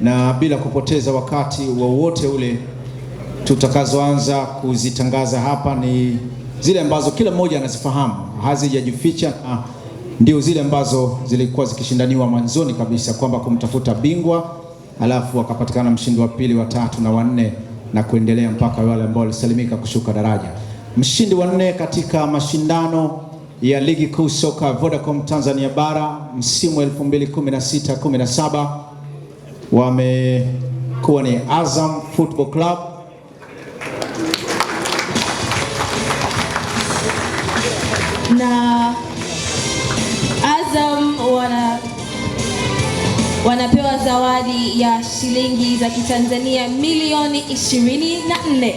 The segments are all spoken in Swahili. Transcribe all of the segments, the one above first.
na bila kupoteza wakati wowote ule, tutakazoanza kuzitangaza hapa ni zile ambazo kila mmoja anazifahamu, hazijajificha na ndio zile ambazo zilikuwa zikishindaniwa mwanzoni kabisa, kwamba kumtafuta bingwa alafu akapatikana mshindi wa pili, wa tatu na wanne na kuendelea mpaka wale ambao walisalimika kushuka daraja. Mshindi wa nne katika mashindano ya ligi kuu soka Vodacom Tanzania bara msimu 2016 17 wamekuwa ni Azam Football Club na Azam wana wanapewa zawadi ya shilingi za Kitanzania milioni 24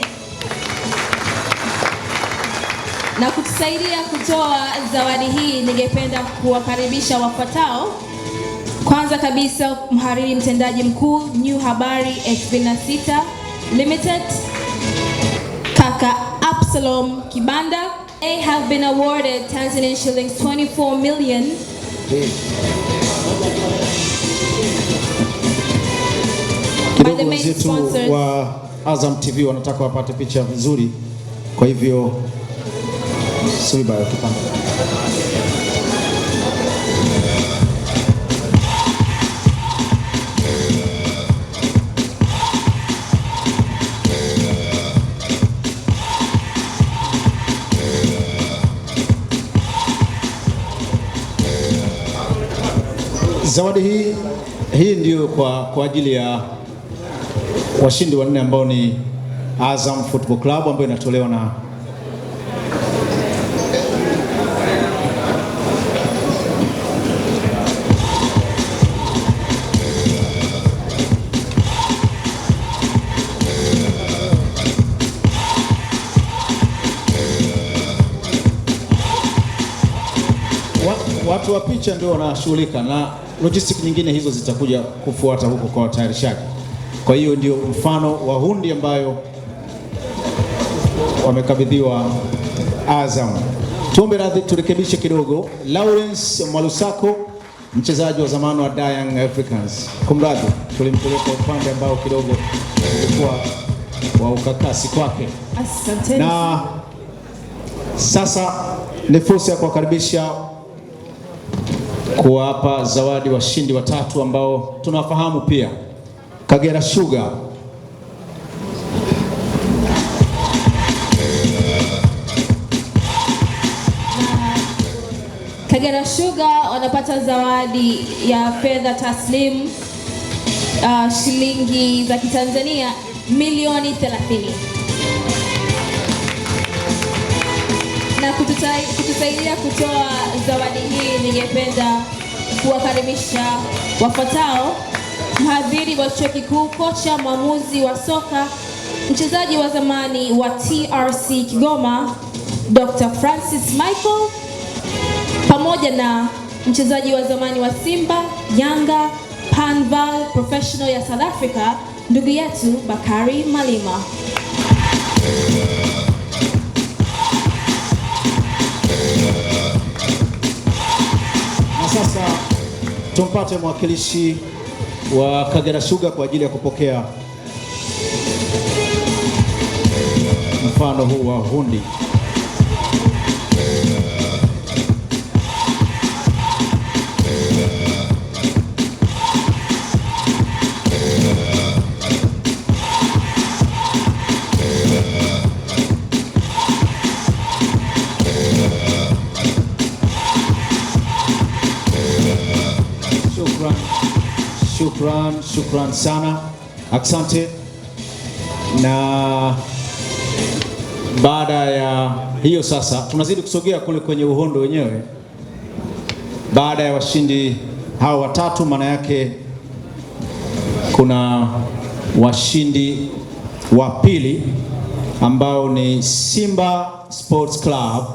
na kutusaidia kutoa zawadi hii, ningependa kuwakaribisha wafuatao. Kwanza kabisa mhariri mtendaji mkuu New Habari 2006 Limited Kaka Absalom Kibanda they have been awarded Tanzanian shillings 24 million kidogo wenzetu wa Azam TV wanataka wapate picha nzuri, kwa hivyo subiri baada ya Zawadi hii hii ndio kwa, kwa ajili ya washindi wanne ambao ni Azam Football Club ambayo inatolewa na picha ndio wanashughulika na logistics nyingine, hizo zitakuja kufuata huko kwa watayarishaji. Kwa hiyo ndio mfano wa hundi ambayo wamekabidhiwa Azam. Tuombe radhi, turekebishe kidogo. Lawrence Mwalusako mchezaji wa zamani wa Young Africans, kumradhi, tulimpeleka upande ambao kidogo ulikuwa wa ukakasi kwake, na sasa ni fursa ya kuwakaribisha kuwapa zawadi washindi watatu ambao tunawafahamu pia, Kagera Sugar Kagera Sugar wanapata zawadi ya fedha taslimu uh, shilingi za Kitanzania milioni 30. kutusaidia kutoa zawadi hii, ningependa kuwakaribisha wafuatao: mhadhiri wa chuo kikuu, kocha mwamuzi wa soka, mchezaji wa zamani wa TRC Kigoma, Dr. Francis Michael, pamoja na mchezaji wa zamani wa Simba, Yanga, Panval Professional ya South Africa, ndugu yetu Bakari Malima. sasa tumpate mwakilishi wa Kagera Sugar kwa ajili ya kupokea mfano huu wa hundi. Shukran, shukran sana, asante. Na baada ya hiyo sasa tunazidi kusogea kule kwenye uhondo wenyewe. Baada ya washindi hao watatu, maana yake kuna washindi wa pili ambao ni Simba Sports Club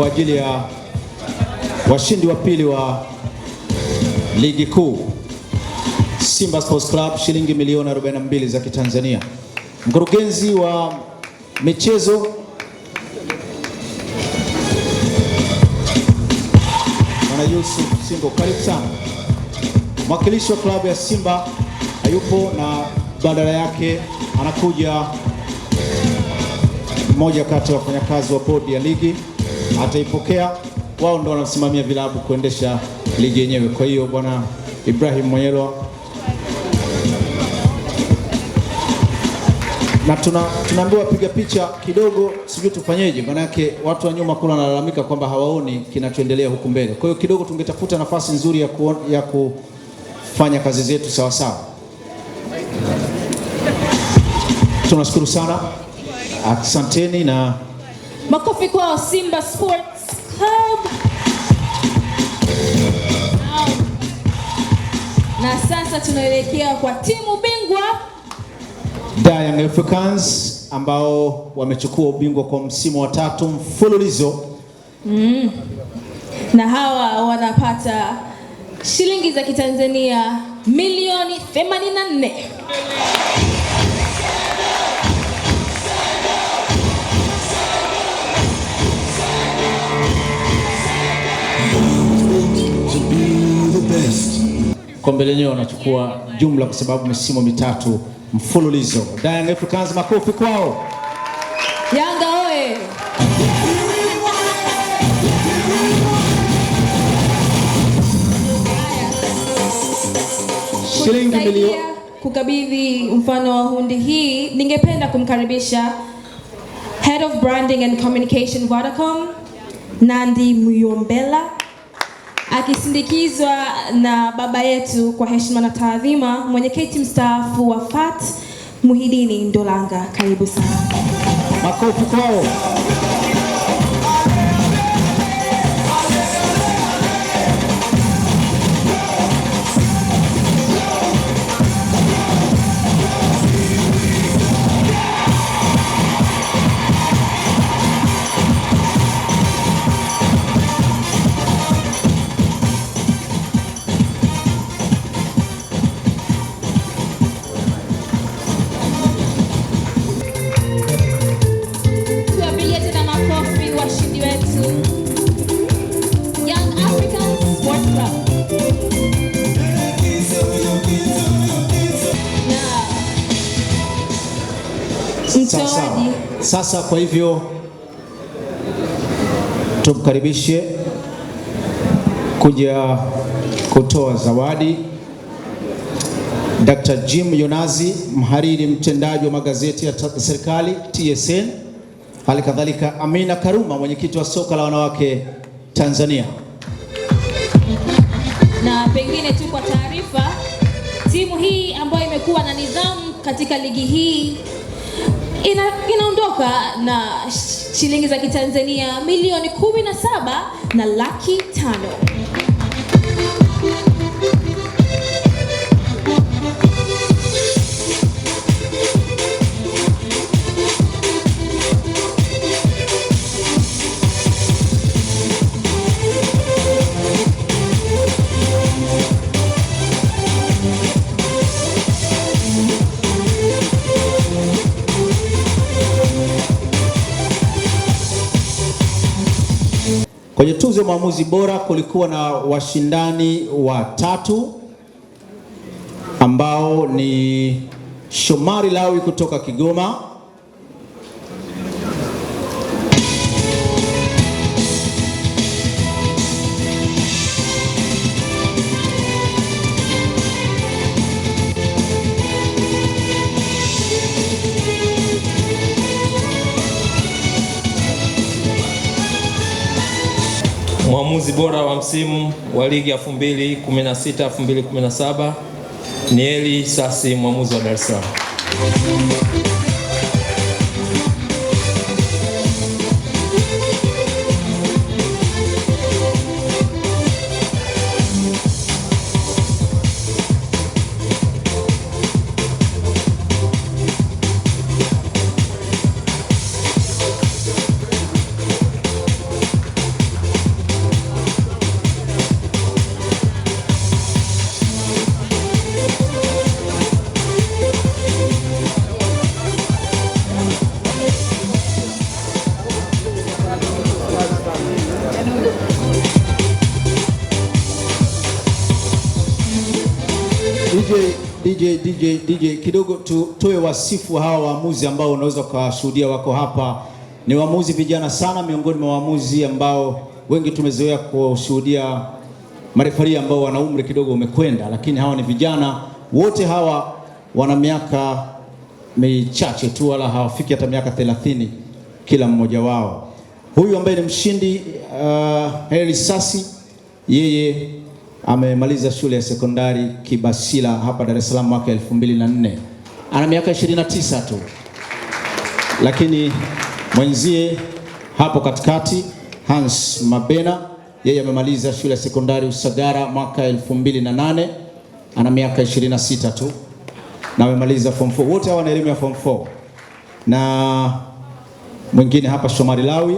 kwa ajili ya washindi wa pili wa ligi kuu Simba Sports Club shilingi milioni 42 za Kitanzania. Mkurugenzi wa michezo Bwana Yusuf Singo, karibu sana. Mwakilishi wa klabu ya Simba hayupo na badala yake anakuja mmoja kati ya wafanyakazi wa bodi ya ligi ataipokea. Wao ndo wanasimamia vilabu kuendesha ligi yenyewe. Kwa hiyo bwana Ibrahim mwenyelwa na tuna, tunaambiwa piga picha kidogo, sijui tufanyeje, manake watu wa nyuma kule wanalalamika kwamba hawaoni kinachoendelea huku mbele. Kwa hiyo kidogo tungetafuta nafasi nzuri ya, ku, ya kufanya kazi zetu sawasawa. Tunashukuru sana, asanteni na Makofi kwao Simba Sports Club. Na sasa tunaelekea kwa timu bingwa Young Africans ambao wamechukua ubingwa kwa msimu wa tatu mfululizo mm. Na hawa wanapata shilingi za Kitanzania milioni 84. best. Kombe lenyewe wanachukua jumla kwa sababu misimu mitatu mfululizo. Young Africans, makofi kwao. Yanga oye! Shilingi milioni kukabidhi mfano wa hundi hii, ningependa kumkaribisha Head of Branding and Communication Vodacom, Nandi Muyombela akisindikizwa na baba yetu kwa heshima na taadhima, mwenyekiti mstaafu wa FAT Muhidini Ndolanga. Karibu sana, makofi kwao. Sasa kwa hivyo tumkaribishe kuja kutoa zawadi Dr. Jim Yonazi, mhariri mtendaji wa magazeti ya serikali TSN, hali kadhalika Amina Karuma, mwenyekiti wa soka la wanawake Tanzania. Na pengine tu kwa taarifa, timu hii ambayo imekuwa na nidhamu katika ligi hii ina, inaondoka na shilingi za Kitanzania milioni 17 na laki tano. tuzo mwamuzi bora, kulikuwa na washindani watatu ambao ni Shomari Lawi kutoka Kigoma Mwamuzi bora wa msimu wa ligi 2016 2017 ni Eli Sasi, mwamuzi wa Dar es Salaam. DJ, DJ kidogo tu, tuwe wasifu hawa waamuzi ambao unaweza ukawashuhudia wako hapa. Ni waamuzi vijana sana, miongoni mwa waamuzi ambao wengi tumezoea kushuhudia marefari ambao wana umri kidogo umekwenda, lakini hawa ni vijana wote. Hawa wana miaka michache tu, wala hawafiki hata miaka 30 kila mmoja wao. Huyu ambaye ni mshindi uh, Heri Sasi yeye amemaliza shule ya sekondari Kibasila hapa Dar es Salaam mwaka 2004. Ana miaka 29 tu, lakini mwenzie hapo katikati Hans Mabena yeye amemaliza shule ya sekondari Usagara mwaka 2008. Ana miaka 26 tu na amemaliza form 4. Wote hawa na elimu ya form 4. Na mwingine hapa Shomari Lawi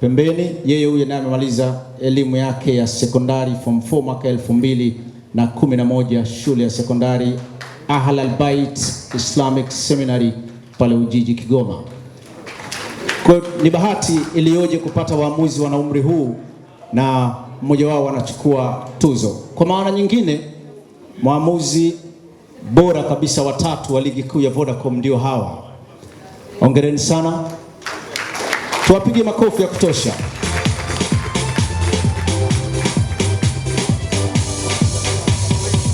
pembeni. Yeye huyu naye amemaliza elimu yake ya sekondari form 4 mwaka elfu mbili na kumi na moja shule ya sekondari al Bait Islamic Seminary pale Ujiji, Kigoma. Kwa ni bahati iliyoje kupata waamuzi wana umri huu na mmoja wao wanachukua tuzo. Kwa maana nyingine, mwamuzi bora kabisa watatu wa ligi kuu ya Vodacom ndio hawa. Hongereni sana. Tuwapige makofi ya kutosha.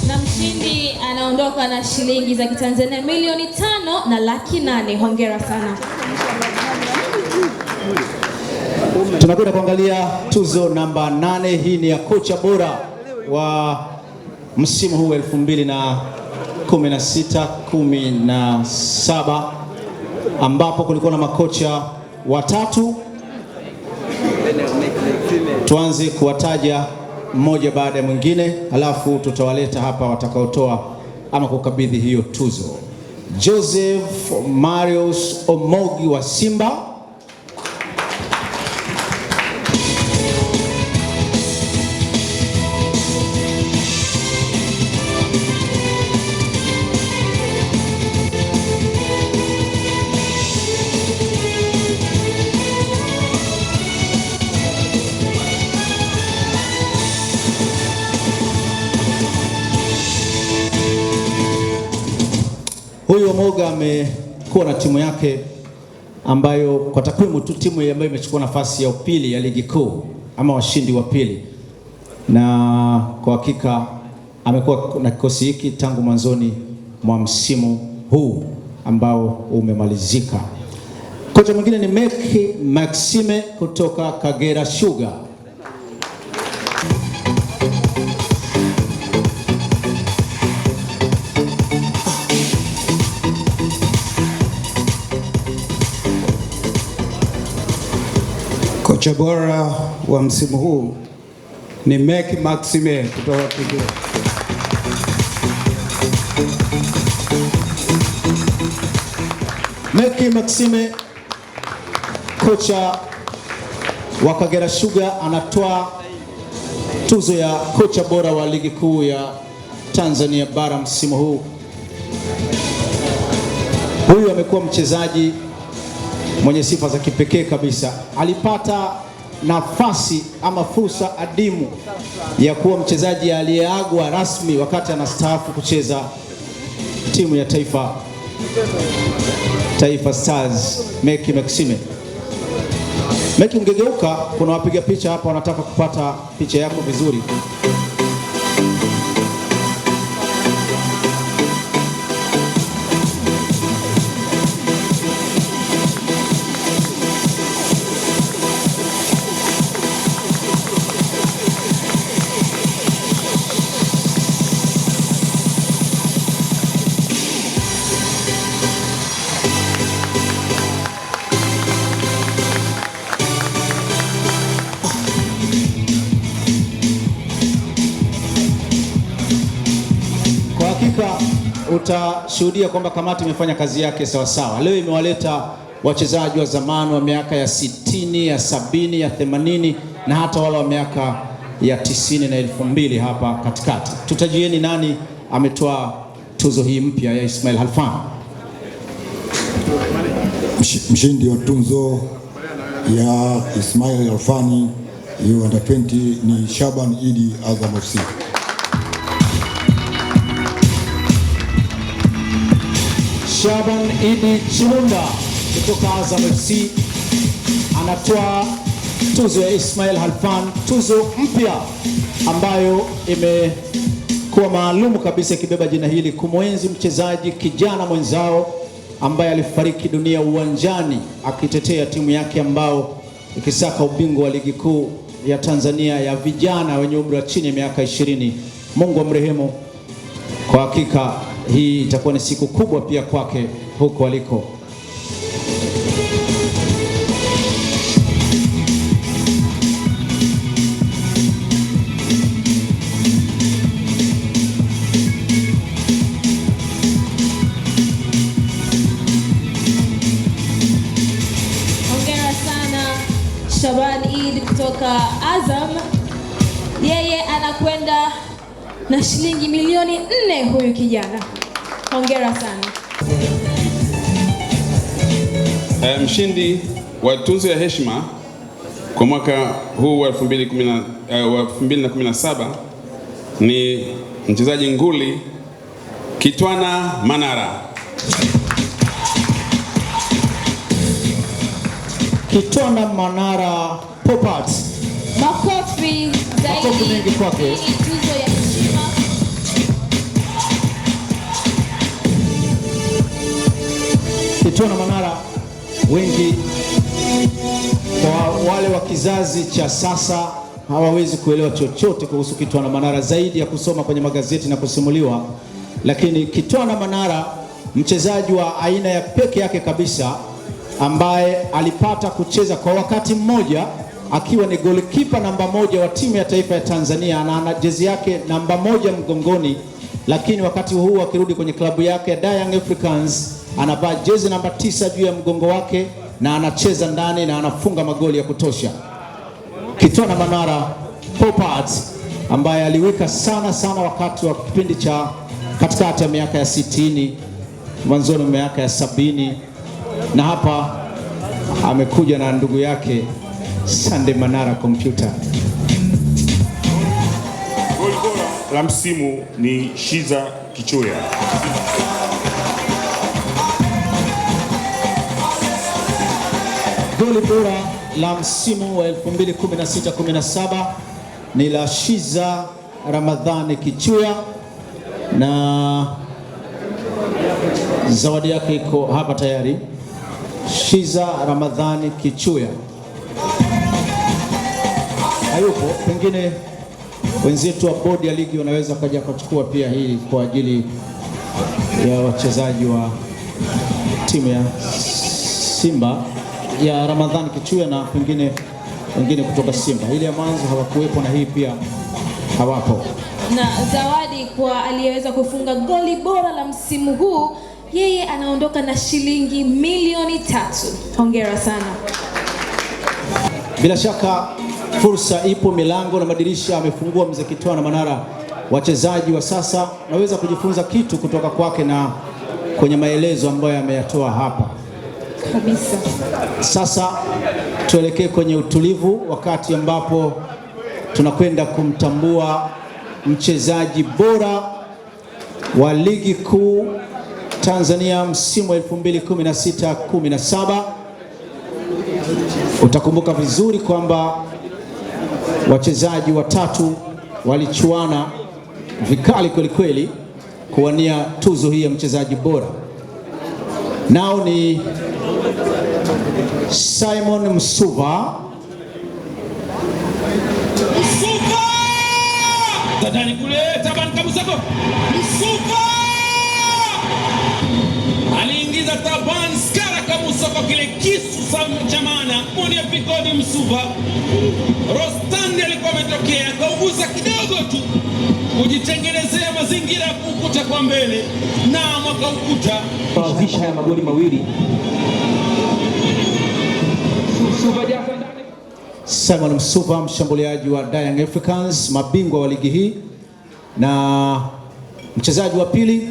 Na mshindi anaondoka na shilingi za Kitanzania milioni tano na laki nane. Hongera sana. Tunakwenda kuangalia tuzo namba nane. Hii ni ya kocha bora wa msimu huu na saba ambapo kulikuwa na makocha watatu. Tuanze kuwataja mmoja baada ya mwingine, alafu tutawaleta hapa watakaotoa ama kukabidhi hiyo tuzo. Joseph Marius Omogi wa Simba Moga amekuwa na timu yake ambayo kwa takwimu tu timu ambayo imechukua nafasi ya upili ya ligi kuu ama washindi wa pili, na kwa hakika amekuwa na kikosi hiki tangu mwanzoni mwa msimu huu ambao umemalizika. Kocha mwingine ni Meki Maxime kutoka Kagera Sugar. Kocha bora wa msimu huu ni Meck Maxime kutoka Kigoma. Meck Maxime, kocha wa Kagera Sugar, anatoa tuzo ya kocha bora wa ligi kuu ya Tanzania bara msimu huu. Huyu amekuwa mchezaji mwenye sifa za kipekee kabisa, alipata nafasi ama fursa adimu ya kuwa mchezaji aliyeagwa rasmi wakati anastaafu kucheza timu ya taifa Taifa Stars, Meki Maxime. Meki, ungegeuka, kuna wapiga picha hapa wanataka kupata picha yako vizuri. utashuhudia kwamba kamati imefanya kazi yake sawasawa. Leo imewaleta wachezaji wa zamani wa miaka ya sitini, ya sabini, ya themanini na hata wale wa miaka ya tisini na elfu mbili hapa katikati. Tutajieni nani ametoa tuzo hii mpya ya Ismail Halfan. Mshindi wa tuzo ya Ismail Halfani ya under 20 ni Shaban Idi Azam FC. Shaban Idi Chilunda kutoka Azam FC anatoa tuzo ya Ismail Halfan, tuzo mpya ambayo imekuwa maalum kabisa ikibeba jina hili kumwenzi mchezaji kijana mwenzao ambaye alifariki dunia uwanjani akitetea timu yake ambao ikisaka ubingwa wa ligi kuu ya Tanzania ya vijana wenye umri wa chini ya miaka ishirini. Mungu amrehemu kwa hakika hii itakuwa ni siku kubwa pia kwake huko aliko. na shilingi milioni nne huyu kijana. Hongera sana. E, mshindi wa tuzo ya heshima kwa mwaka huu wa 2017 eh, ni mchezaji nguli Kitwana Manara. Kitwana Manara Popat. Makofi zaidi. Makofi mengi kwake. na Manara, wengi kwa wale wa kizazi cha sasa hawawezi kuelewa chochote kuhusu Kitwana Manara zaidi ya kusoma kwenye magazeti na kusimuliwa, lakini Kitwana Manara mchezaji wa aina ya peke yake kabisa ambaye alipata kucheza kwa wakati mmoja akiwa ni golikipa namba moja wa timu ya taifa ya Tanzania na ana jezi yake namba moja mgongoni, lakini wakati huu akirudi kwenye klabu yake ya Young Africans anavaa jezi namba tisa juu ya mgongo wake na anacheza ndani na anafunga magoli ya kutosha. Kitona Manara Popat ambaye aliwika sana sana wakati wa kipindi cha katikati ya miaka ya sitini mwanzoni miaka ya sabini na hapa amekuja na ndugu yake Sande Manara kompyuta. Goli bora la msimu ni Shiza Kichoya. Goli bora la msimu wa 2016-17 ni la Shiza Ramadhani Kichuya na zawadi yake iko hapa tayari. Shiza Ramadhani Kichuya hayupo, pengine wenzetu wa bodi ya ligi wanaweza kaja kuchukua pia hii kwa ajili ya wachezaji wa timu ya Simba ya Ramadhani Kichuya na pengine wengine kutoka Simba. Ile ya mwanzo hawakuwepo na hii pia hawapo. Na zawadi kwa aliyeweza kufunga goli bora la msimu huu, yeye anaondoka na shilingi milioni tatu. Hongera sana. Bila shaka fursa ipo, milango na madirisha amefungua mzee na Manara. Wachezaji wa sasa naweza kujifunza kitu kutoka kwake na kwenye maelezo ambayo ameyatoa hapa kabisa. Sasa tuelekee kwenye utulivu, wakati ambapo tunakwenda kumtambua mchezaji bora wa ligi kuu Tanzania msimu wa 2016 17. Utakumbuka vizuri kwamba wachezaji watatu walichuana vikali kweli kweli kuwania tuzo hii ya mchezaji bora, nao ni Simon Msuva aliingiza taban skara kamusoko kile kisu cha maana muni apikodi Msuva Rostandi alikuwa ametokea kaugusa kidogo tu kujitengenezea mazingira ya kukuta kwa mbele na mwaka ukuta kuanzisha ya magoli mawili Simon Msuva, mshambuliaji wa Young Africans, mabingwa wa ligi hii, na mchezaji wa pili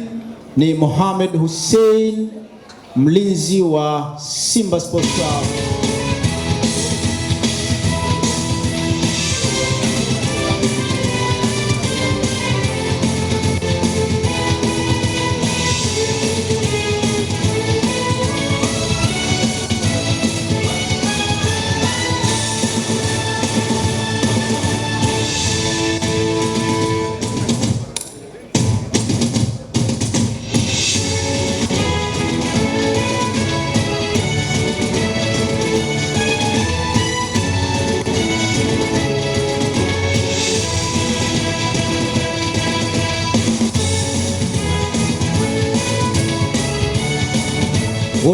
ni Mohamed Hussein, mlinzi wa Simba Sports Club.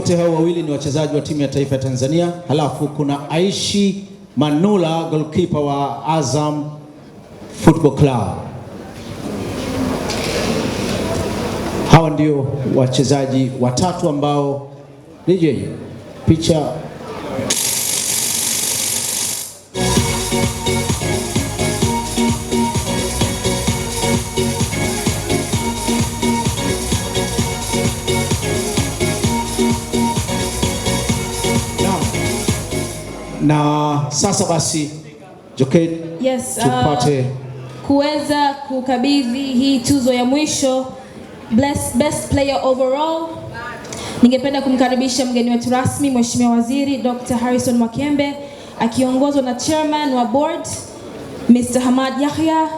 wote hao wawili ni wachezaji wa timu ya taifa ya Tanzania. Halafu kuna Aishi Manula goalkeeper wa Azam Football Club. Hawa ndio wachezaji watatu ambao DJ picha Na sasa basi Jokate, yes, uh, tupate uh, kuweza kukabidhi hii tuzo ya mwisho Bless, best player overall. Ningependa kumkaribisha mgeni wetu rasmi Mheshimiwa Waziri Dr. Harrison Mwakembe akiongozwa na chairman wa board Mr. Hamad Yahya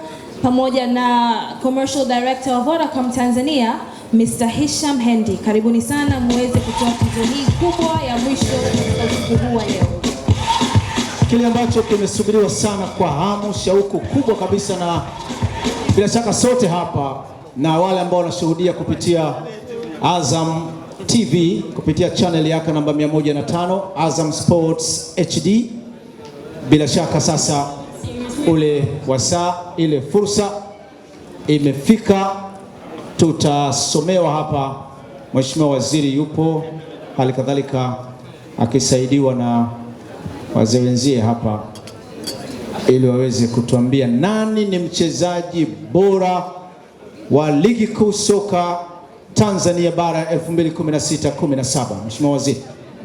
pamoja na commercial director wa Vodacom Tanzania Mr. Hisham Hendi. Karibuni sana muweze kutoa tuzo hii kubwa ya mwisho katika siku kile ambacho kimesubiriwa sana kwa hamu, shauku kubwa kabisa, na bila shaka sote hapa na wale ambao wanashuhudia kupitia Azam TV kupitia channel yake namba 105 Azam Sports HD. Bila shaka sasa ule wasaa, ile fursa imefika, tutasomewa hapa. Mheshimiwa Waziri yupo hali kadhalika akisaidiwa na wazee wenzie hapa ili waweze kutuambia nani ni mchezaji bora wa ligi kuu soka Tanzania bara 2016 17. Mheshimiwa Waziri.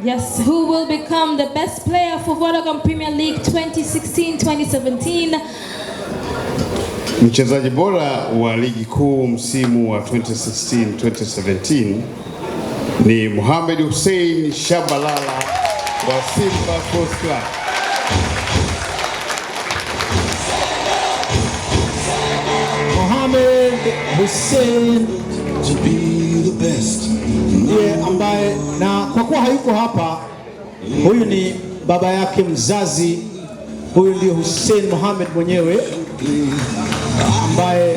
Yes, who will become the best player for Vodacom Premier League 2016 2017? Mchezaji bora wa ligi kuu msimu wa 2016 2017 ni Mohamed Hussein Shabalala wa Simba Sports Club. Mohamed Hussein to be the best. Ndiye ambaye na kwa kuwa hayuko hapa, huyu ni baba yake mzazi, huyu ndiye Hussein Mohamed mwenyewe ambaye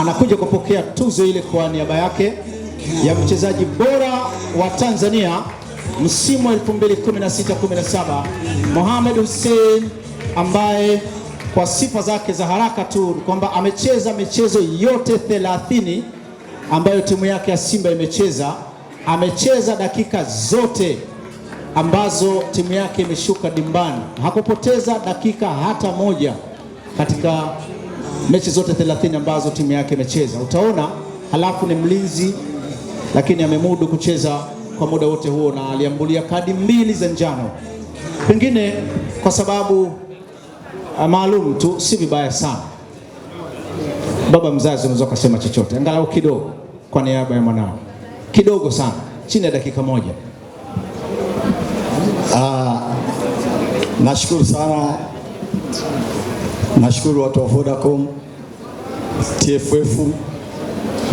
anakuja kupokea tuzo ile kwa niaba yake ya mchezaji bora wa Tanzania msimu wa 2016-17 Mohamed Hussein ambaye kwa sifa zake za haraka tu kwamba amecheza michezo yote 30 ambayo timu yake ya Simba imecheza. Amecheza dakika zote ambazo timu yake imeshuka dimbani, hakupoteza dakika hata moja katika mechi zote 30 ambazo timu yake imecheza, utaona. Halafu ni mlinzi, lakini amemudu kucheza kwa muda wote huo, na aliambulia kadi mbili za njano, pengine kwa sababu ah, maalum tu. Si vibaya sana, baba mzazi, unaweza kusema chochote angalau kidogo kwa niaba ya mwanao, kidogo sana, chini ya dakika moja. Ah, nashukuru sana, nashukuru watu wa Vodacom TFF,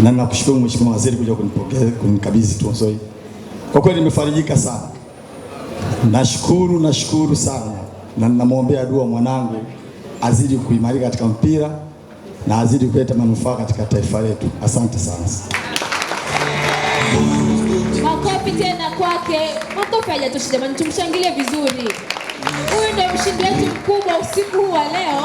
na nakushukuru Mheshimiwa Waziri kuja kunikabidhi tuzo hii. Kwa kweli nimefarijika sana, nashukuru, nashukuru sana, na ninamwombea dua mwanangu azidi kuimarika katika mpira na azidi kuleta manufaa katika taifa letu. Asante sana. Makofi tena kwake, makofi hayatoshi jamani, tumshangilie vizuri. Huyu ndio mshindi wetu mkubwa usiku huu wa leo.